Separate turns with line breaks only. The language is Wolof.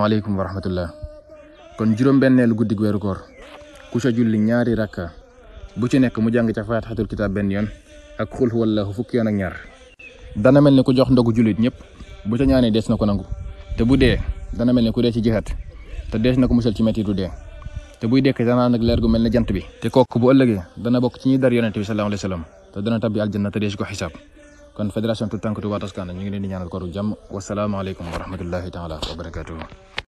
assalamualaikum warahmatullah. kon juróom bennel guddig weeru koor ku ca julli ñaari rakka bu ci nek mu jang ca faatixatul kitab ben yon ak khul huwallaahu fukki ak ñaar dana melni ku jox ndogu julit ñep bu ca ñaanee des nako nangu te bu de dana melni ku de ci jihad te des na musal ci du de te buy dekk dana nak leer gu melni jant bi te kok bu ëllëgee dana bok ci ñi dar yonnati bi sallallahu alayhi Wasallam. te dana tabbi aljanna te des ko hisab kon fédération tout tànk Touba Toscana ñu ngi leen koru jàmm wasalaamaaleykum wa rahmatullahi taala wa barakaatuhu